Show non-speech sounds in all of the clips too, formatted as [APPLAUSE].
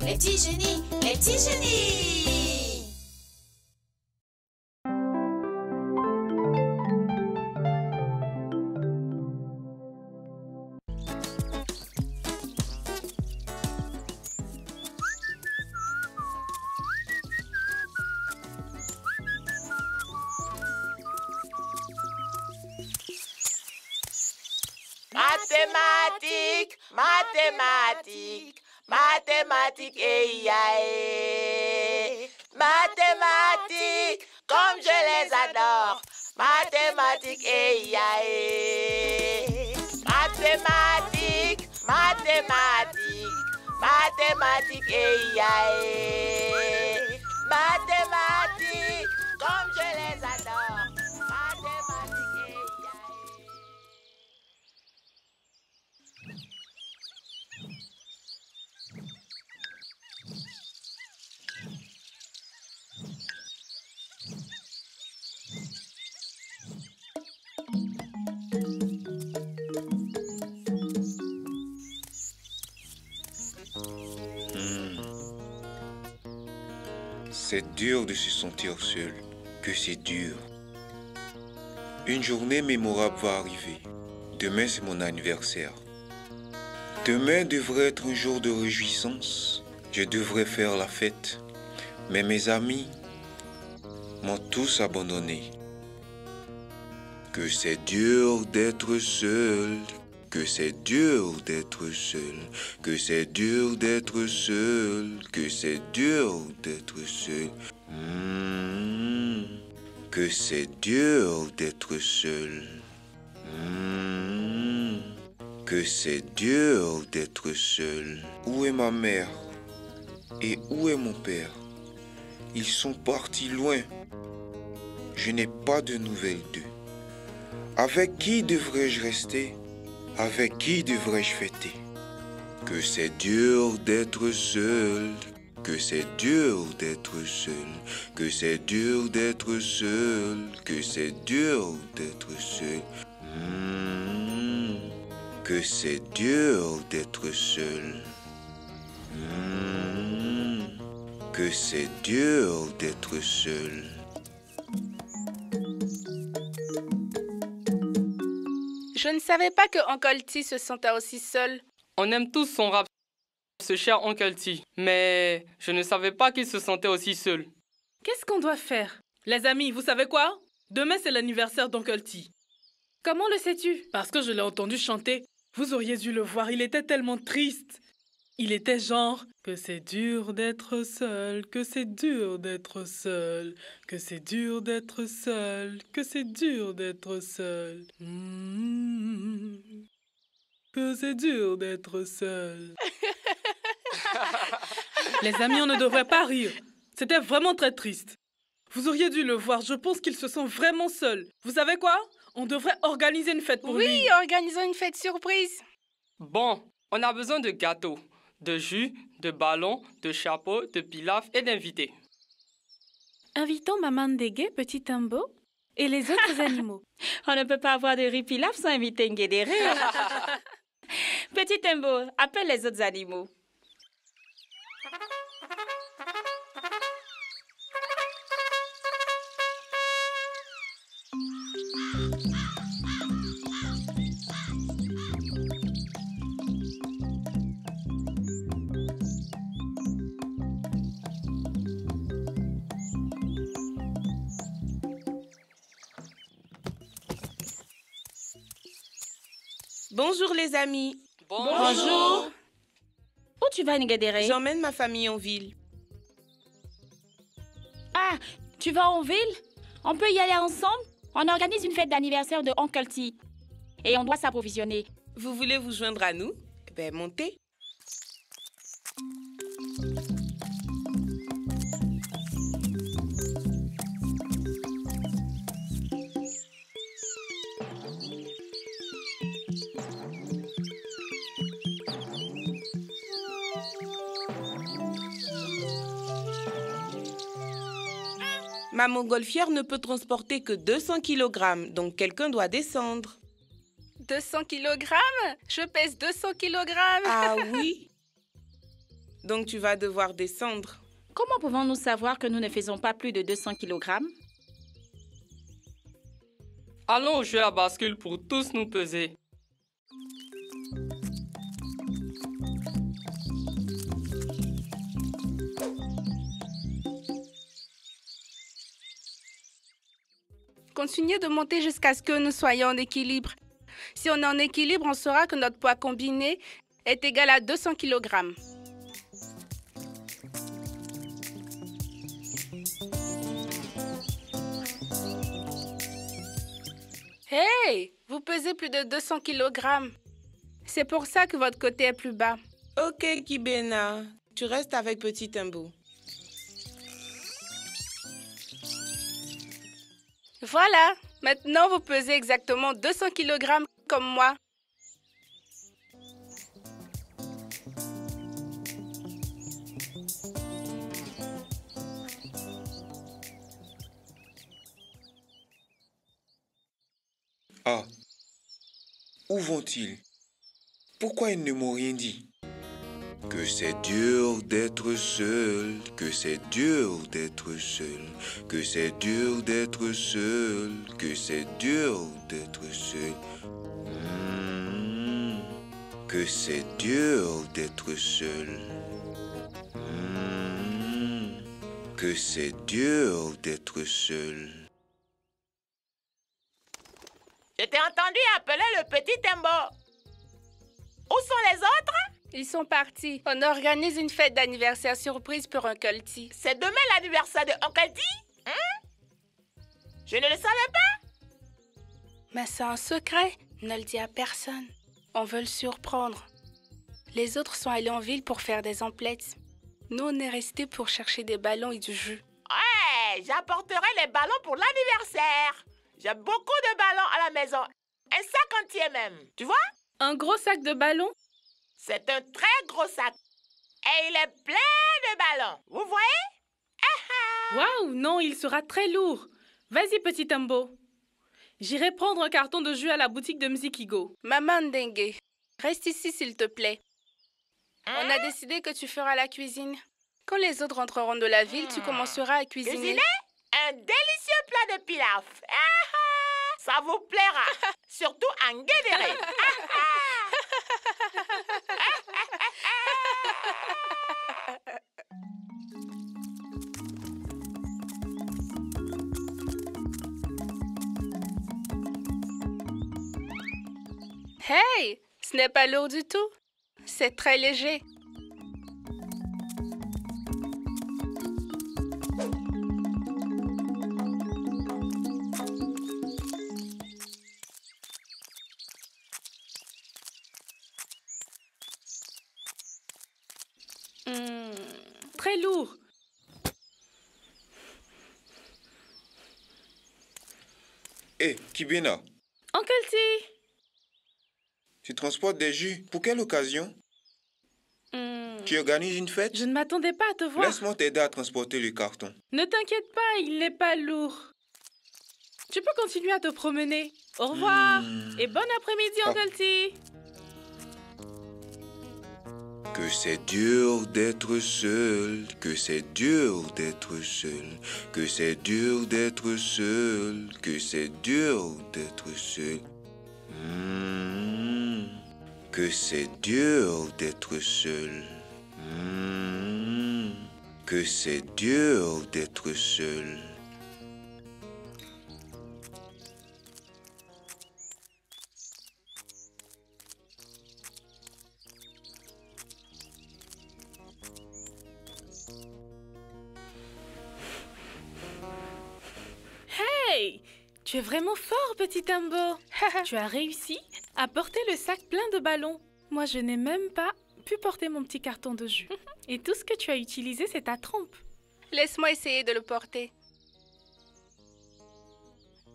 les petits génies, les petits génies prophetic dur de se sentir seul, que c'est dur. Une journée mémorable va arriver. Demain, c'est mon anniversaire. Demain devrait être un jour de réjouissance. Je devrais faire la fête. Mais mes amis m'ont tous abandonné. Que c'est dur d'être seul, que c'est dur d'être seul, que c'est dur d'être seul, que c'est dur d'être seul. Hmm. Que c'est dur d'être seul. Hmm. Que c'est dur d'être seul. Où est ma mère Et où est mon père Ils sont partis loin. Je n'ai pas de nouvelles d'eux. Avec qui devrais-je rester avec qui devrais-je fêter Que c'est dur d'être seul, que c'est dur d'être seul, que c'est dur d'être seul, que c'est dur d'être seul. Hmm. Que c'est dur d'être seul. Hmm. Que c'est dur d'être seul. Je ne savais pas que Uncle T se sentait aussi seul. On aime tous son rap, ce cher Uncle T. Mais je ne savais pas qu'il se sentait aussi seul. Qu'est-ce qu'on doit faire Les amis, vous savez quoi Demain, c'est l'anniversaire d'Uncle T. Comment le sais-tu Parce que je l'ai entendu chanter. Vous auriez dû le voir, il était tellement triste. Il était genre que c'est dur d'être seul, que c'est dur d'être seul, que c'est dur d'être seul, que c'est dur d'être seul. Hmm c'est dur d'être seul. [LAUGHS] Les amis, on ne devrait pas rire. C'était vraiment très triste. Vous auriez dû le voir, je pense qu'il se sent vraiment seul. Vous savez quoi On devrait organiser une fête pour oui, lui. Oui, organisons une fête surprise. Bon, on a besoin de gâteaux, de jus, de ballons, de chapeaux, de pilaf et d'invités. Invitons Maman Ndege, Petit Tambo et les [LAUGHS] autres animaux. on ne peut pas avoir de riz pilaf sans inviter rire. [LAUGHS] [LAUGHS] Petit Timbo, appelle les autres animaux. [LAUGHS] Bonjour les amis. Bonjour. Où tu vas, Nigadere J'emmène ma famille en ville. Ah, tu vas en ville On peut y aller ensemble On organise une fête d'anniversaire de Uncle T. Et on doit s'approvisionner. Vous voulez vous joindre à nous eh Ben, montez. Ma montgolfière ne peut transporter que 200 kg, donc quelqu'un doit descendre. 200 kg Je pèse 200 kg Ah [LAUGHS] oui Donc tu vas devoir descendre. Comment pouvons-nous savoir que nous ne faisons pas plus de 200 kg Allons jouer à bascule pour tous nous peser. Continuez de monter jusqu'à ce que nous soyons en équilibre. Si on est en équilibre, on saura que notre poids combiné est égal à 200 kg. Hey, vous pesez plus de 200 kg. C'est pour ça que votre côté est plus bas. Ok, Kibena, tu restes avec Petit embout. Voilà, maintenant vous pesez exactement 200 kg comme moi. Ah, où vont-ils Pourquoi ils ne m'ont rien dit que c'est dur d'être seul, que c'est dur d'être seul, que c'est dur d'être seul, que c'est dur d'être seul. Hmm. Que c'est dur d'être seul. Hmm. Que c'est dur d'être seul. Je t'ai entendu appeler le petit Timbo. Où sont les autres ils sont partis. On organise une fête d'anniversaire surprise pour un C'est demain l'anniversaire de Uncle Hein? Je ne le savais pas. Mais c'est un secret. Ne le dis à personne. On veut le surprendre. Les autres sont allés en ville pour faire des emplettes. Nous, on est restés pour chercher des ballons et du jus. Ouais, j'apporterai les ballons pour l'anniversaire. J'ai beaucoup de ballons à la maison. Un sac entier même, tu vois Un gros sac de ballons c'est un très gros sac. Et il est plein de ballons. Vous voyez ah ah. Waouh, non, il sera très lourd. Vas-y, petit Tambo. J'irai prendre un carton de jus à la boutique de Mzikigo. Maman Dengue, reste ici, s'il te plaît. Hein? On a décidé que tu feras la cuisine. Quand les autres rentreront de la ville, tu hmm. commenceras à cuisiner. Cuisiner un délicieux plat de pilaf. Ah Ça vous plaira, [LAUGHS] surtout en guédéré. Hey, ce n'est pas lourd du tout. C'est très léger. Oncle Tu transportes des jus. Pour quelle occasion hmm. Tu organises une fête Je ne m'attendais pas à te voir. Laisse-moi t'aider à transporter le carton. Ne t'inquiète pas, il n'est pas lourd. Tu peux continuer à te promener. Au revoir hmm. et bon après-midi, Oncle que c'est dur d'être seul, que c'est dur d'être seul, que c'est dur d'être seul, que c'est dur d'être seul. Hmm. Que c'est dur d'être seul. Hmm. Que c'est dur d'être seul. Hey Tu es vraiment fort, petit tambo [LAUGHS] Tu as réussi à porter le sac plein de ballons. Moi, je n'ai même pas pu porter mon petit carton de jus. [LAUGHS] Et tout ce que tu as utilisé, c'est ta trompe. Laisse-moi essayer de le porter.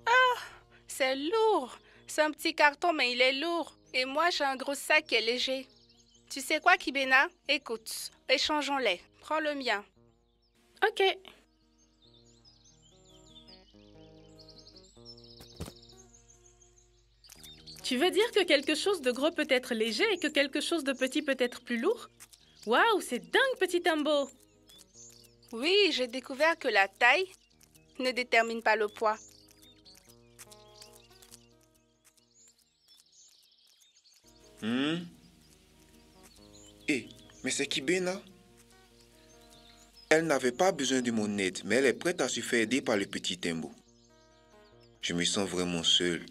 Ah C'est lourd C'est un petit carton, mais il est lourd. Et moi, j'ai un gros sac qui est léger. Tu sais quoi, Kibena Écoute, Échangeons-les. Prends le mien. Ok. Tu veux dire que quelque chose de gros peut être léger et que quelque chose de petit peut être plus lourd Waouh, c'est dingue, petit Timbo Oui, j'ai découvert que la taille ne détermine pas le poids. Hmm? Et mais c'est Kibena. Elle n'avait pas besoin de mon aide, mais elle est prête à se faire aider par le petit Tembo. Je me sens vraiment seul.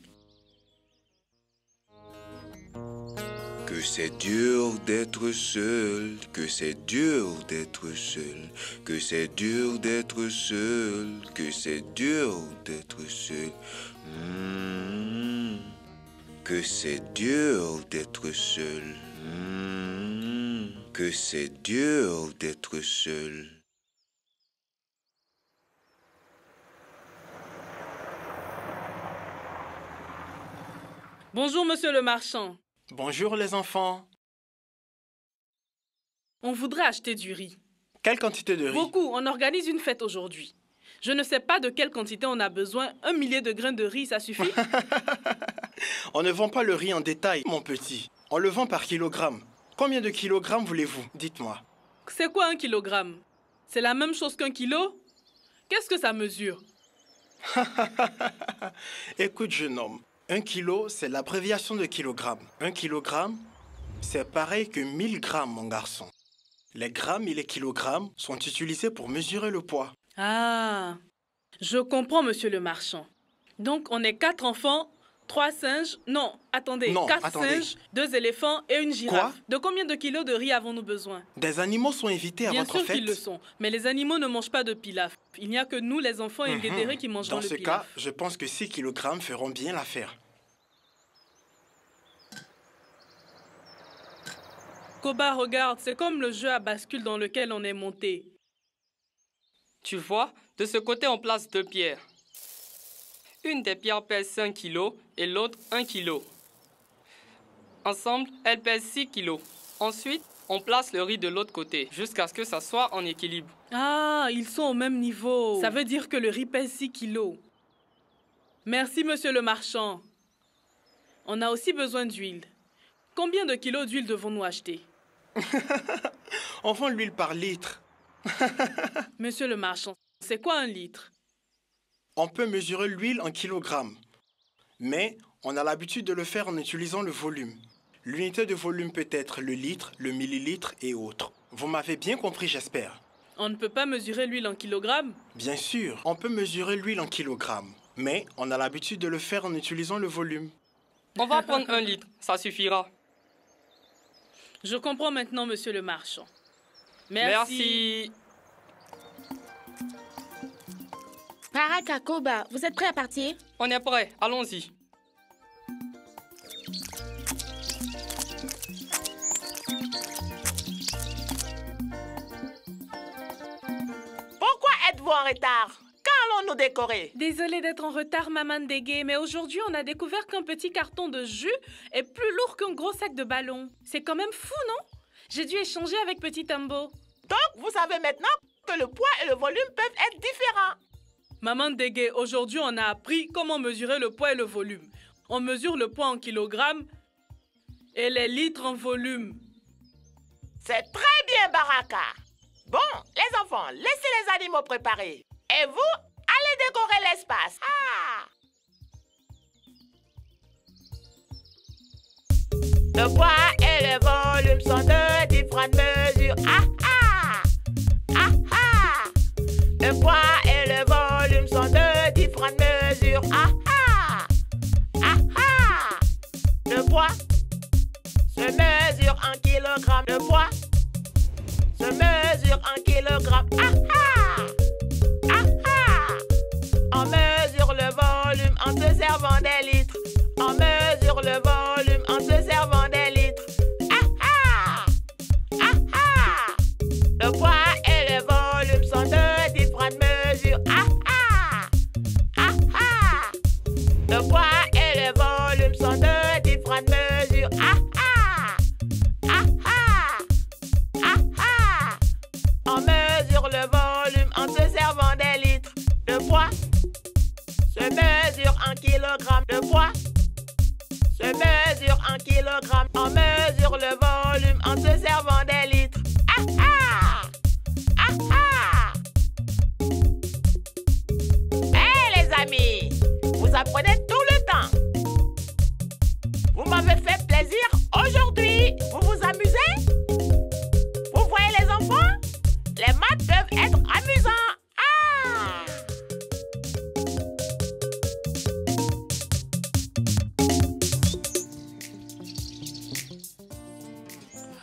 Que c'est dur d'être seul, que c'est dur d'être seul, que c'est dur d'être seul, que c'est dur d'être seul. Hmm. Que c'est dur d'être seul. Hmm que c'est Dieu d'être seul. Bonjour, monsieur le marchand. Bonjour, les enfants. On voudrait acheter du riz. Quelle quantité de riz Beaucoup. On organise une fête aujourd'hui. Je ne sais pas de quelle quantité on a besoin. Un millier de grains de riz, ça suffit [LAUGHS] On ne vend pas le riz en détail, mon petit. On le vend par kilogramme. Combien de kilogrammes voulez-vous Dites-moi. C'est quoi un kilogramme C'est la même chose qu'un kilo Qu'est-ce que ça mesure [LAUGHS] Écoute, jeune homme, un kilo, c'est l'abréviation de kilogramme. Un kilogramme, c'est pareil que 1000 grammes, mon garçon. Les grammes et les kilogrammes sont utilisés pour mesurer le poids. Ah, je comprends, monsieur le marchand. Donc, on est quatre enfants trois singes, non, attendez, quatre singes, deux éléphants et une girafe. de combien de kilos de riz avons-nous besoin Des animaux sont invités à votre fête le sont, mais les animaux ne mangent pas de pilaf. Il n'y a que nous, les enfants et les mhm. qui mangent le pilaf. Dans ce cas, je pense que 6 kg feront bien l'affaire. Koba, regarde, c'est comme le jeu à bascule dans lequel on est monté. Tu vois, de ce côté, on place deux pierres. Une des pierres pèse 5 kg et l'autre 1 kg. Ensemble, elles pèsent 6 kg. Ensuite, on place le riz de l'autre côté jusqu'à ce que ça soit en équilibre. Ah, ils sont au même niveau. Ça veut dire que le riz pèse 6 kilos. Merci, monsieur le marchand. On a aussi besoin d'huile. Combien de kilos d'huile devons-nous acheter On [LAUGHS] vend l'huile par litre. monsieur le marchand, c'est quoi un litre on peut mesurer l'huile en kilogrammes, mais on a l'habitude de le faire en utilisant le volume. L'unité de volume peut être le litre, le millilitre et autres. Vous m'avez bien compris, j'espère. On ne peut pas mesurer l'huile en kilogrammes Bien sûr, on peut mesurer l'huile en kilogrammes, mais on a l'habitude de le faire en utilisant le volume. On va prendre un litre, ça suffira. Je comprends maintenant, monsieur le marchand. Merci. Merci. Paraka, Koba, vous êtes prêts à partir On est prêt, allons-y. Pourquoi êtes-vous en retard Quand allons-nous décorer Désolée d'être en retard, Maman Degay, mais aujourd'hui on a découvert qu'un petit carton de jus est plus lourd qu'un gros sac de ballons. C'est quand même fou, non J'ai dû échanger avec Petit Tambo. Donc vous savez maintenant que le poids et le volume peuvent être différents. Maman Dégué, aujourd'hui, on a appris comment mesurer le poids et le volume. On mesure le poids en kilogrammes et les litres en volume. C'est très bien, Baraka. Bon, les enfants, laissez les animaux préparer. Et vous, allez décorer l'espace. Ah! Le poids et le volume sont deux différentes mesures. Ah ah! Ah ah! Le poids sont de différentes mesures. Ah ah! Ah ah! Le poids se mesure en kilogrammes. Le poids se mesure en kilogrammes. Ah ah! Ah ah! On mesure le volume en se servant des litres. On mesure le volume en se servant Ah, ah. Ah, On mesure le volume en se servant des litres de poids. Se mesure en kilogrammes de poids. Se mesure en kilogrammes. On mesure le volume en se servant des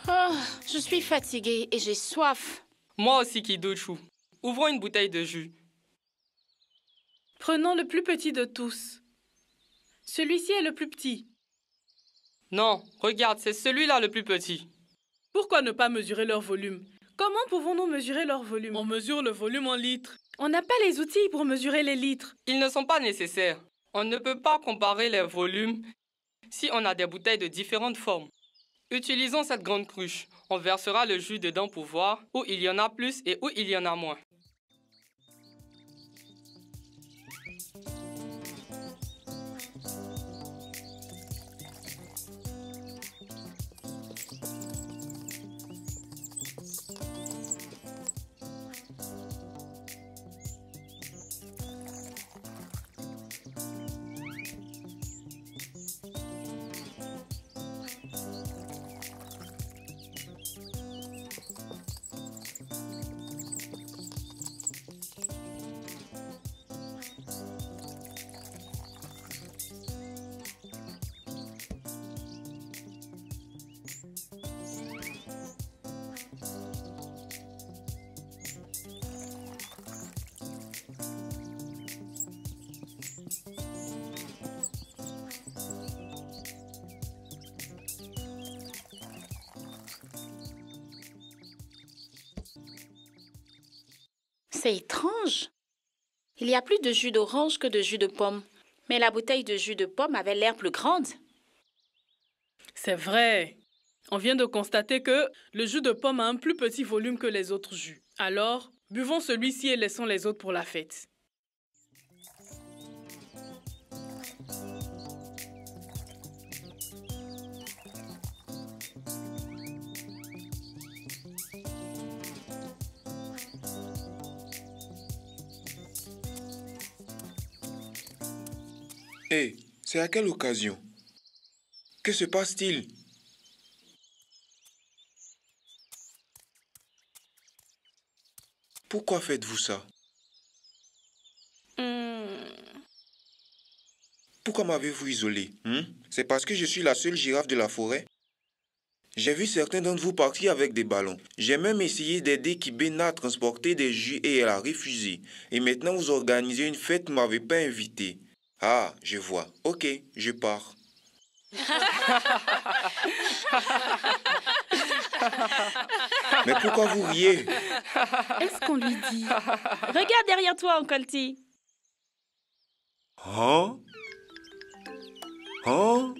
Oh, je suis fatiguée et j'ai soif. Moi aussi, Kidouchou. Ouvrons une bouteille de jus. Prenons le plus petit de tous. Celui-ci est le plus petit. Non, regarde, c'est celui-là le plus petit. Pourquoi ne pas mesurer leur volume Comment pouvons-nous mesurer leur volume On mesure le volume en litres. On n'a pas les outils pour mesurer les litres. Ils ne sont pas nécessaires. On ne peut pas comparer les volumes si on a des bouteilles de différentes formes. Utilisons cette grande cruche. On versera le jus dedans pour voir où il y en a plus et où il y en a moins. C'est étrange. Il y a plus de jus d'orange que de jus de pomme, mais la bouteille de jus de pomme avait l'air plus grande. C'est vrai. On vient de constater que le jus de pomme a un plus petit volume que les autres jus. Alors, buvons celui-ci et laissons les autres pour la fête. c'est à quelle occasion Que se passe-t-il Pourquoi faites-vous ça hmm. Pourquoi m'avez-vous isolé hein? C'est parce que je suis la seule girafe de la forêt j'ai vu certains d'entre vous partir avec des ballons. J'ai même essayé d'aider Kibena à transporter des jus et elle a refusé. Et maintenant vous organisez une fête, vous m'avez pas invité. Ah, je vois. Ok, je pars. [LAUGHS] Mais pourquoi vous riez Est-ce qu'on lui dit Regarde derrière toi, Oncolti. Hein Hein Oh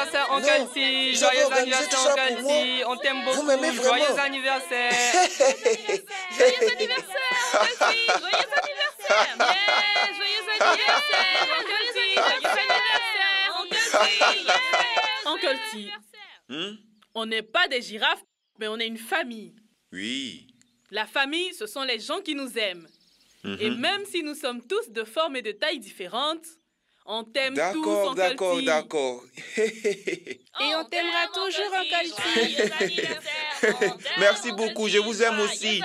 anniversaire, Joyeux anniversaire, on On t'aime beaucoup. Joyeux anniversaire. Joyeux anniversaire, Joyeux anniversaire. joyeux anniversaire, Joyeux anniversaire, on Kanti. Hmm? On n'est pas des girafes, mais on est une famille. Oui. La famille, ce sont les gens qui nous aiment. Mm-hmm. Et même si nous sommes tous de formes et de tailles différentes, on t'aime D'accord, d'accord, d'accord. Et on t'aimera toujours en qualité. Merci beaucoup, je vous aime aussi.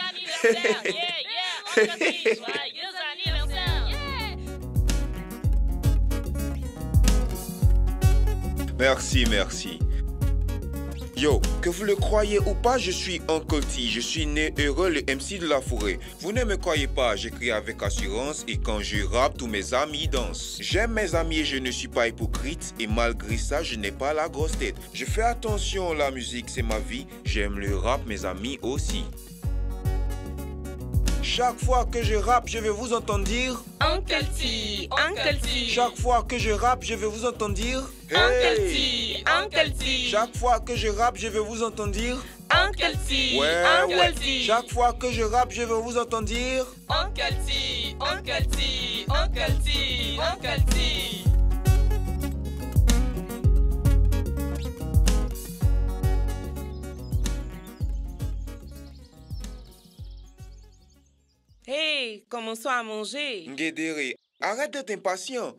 Merci, merci. Yo, que vous le croyez ou pas, je suis un coltie, je suis né heureux, le MC de la forêt. Vous ne me croyez pas, j'écris avec assurance et quand je rappe, tous mes amis dansent. J'aime mes amis et je ne suis pas hypocrite et malgré ça, je n'ai pas la grosse tête. Je fais attention, la musique c'est ma vie, j'aime le rap, mes amis aussi. Chaque fois que je rappe, je vais vous entendre dire Uncle T, Uncle T. Chaque fois que je rappe, je vais vous entendre dire Uncle T, Uncle T. Chaque fois que je rappe, je vais vous entendre dire Uncle T, ouais, Uncle ouais. T. Chaque fois que je rappe, je vais vous entendre dire Uncle T, Uncle T, Uncle T, Uncle T. commençons à manger. Ngedere, arrête d'être impatient.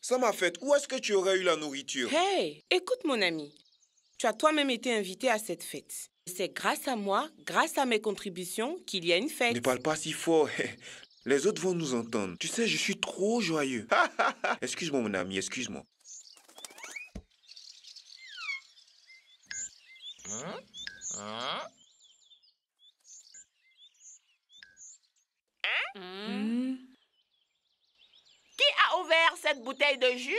Ça m'a fait, où est-ce que tu aurais eu la nourriture Hey, écoute mon ami, tu as toi-même été invité à cette fête. C'est grâce à moi, grâce à mes contributions, qu'il y a une fête. Ne parle pas si fort. [LAUGHS] Les autres vont nous entendre. Tu sais, je suis trop joyeux. [LAUGHS] excuse-moi mon ami, excuse-moi. Hein? hein? bouteille de jus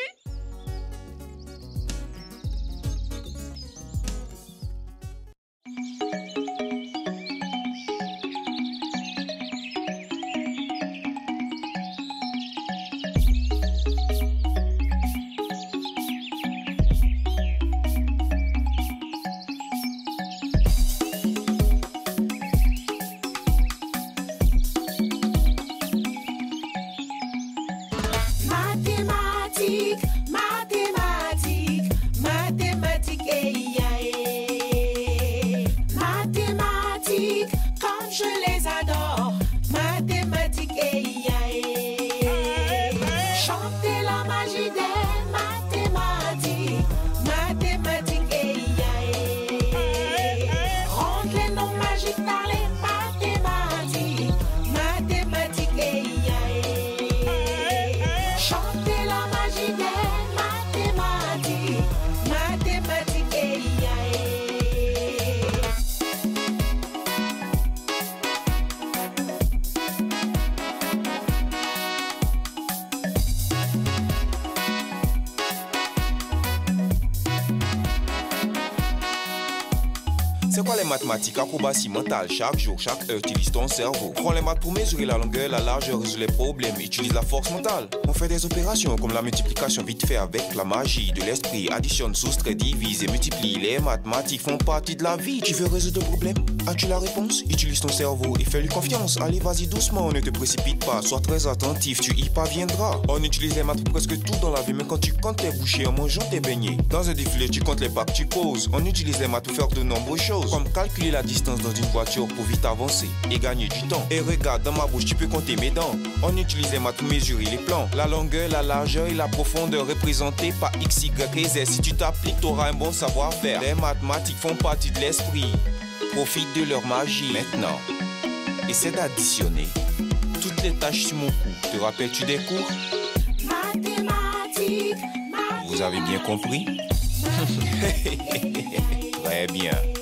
acrobatie mentale chaque jour, chaque heure, utilise ton cerveau. Prends les maths pour mesurer la longueur, la largeur, résoudre les problèmes, utilise la force mentale. On fait des opérations comme la multiplication vite fait avec la magie de l'esprit. Additionne, soustrait, divise et multiplie. Les mathématiques font partie de la vie. Tu veux résoudre le problème As-tu la réponse Utilise ton cerveau et fais-lui confiance. Allez, vas-y doucement, ne te précipite pas. Sois très attentif, tu y parviendras. On utilise les maths presque tout dans la vie, mais quand tu comptes tes bouchées en mangeant tes beignets. Dans un défilé, tu comptes les pas que tu poses. On utilise les maths pour faire de nombreuses choses, comme calculer la distance dans une voiture pour vite avancer et gagner du temps. Et regarde, dans ma bouche, tu peux compter mes dents. On utilise les maths pour mesurer les plans. La longueur, la largeur et la profondeur représentées par X, Y et Z. Si tu t'appliques, tu un bon savoir-faire. Les mathématiques font partie de l'esprit. Profite de leur magie maintenant. Essaie d'additionner toutes les tâches sur mon cou. Te rappelles-tu des cours Vous avez bien compris [LAUGHS] Très bien.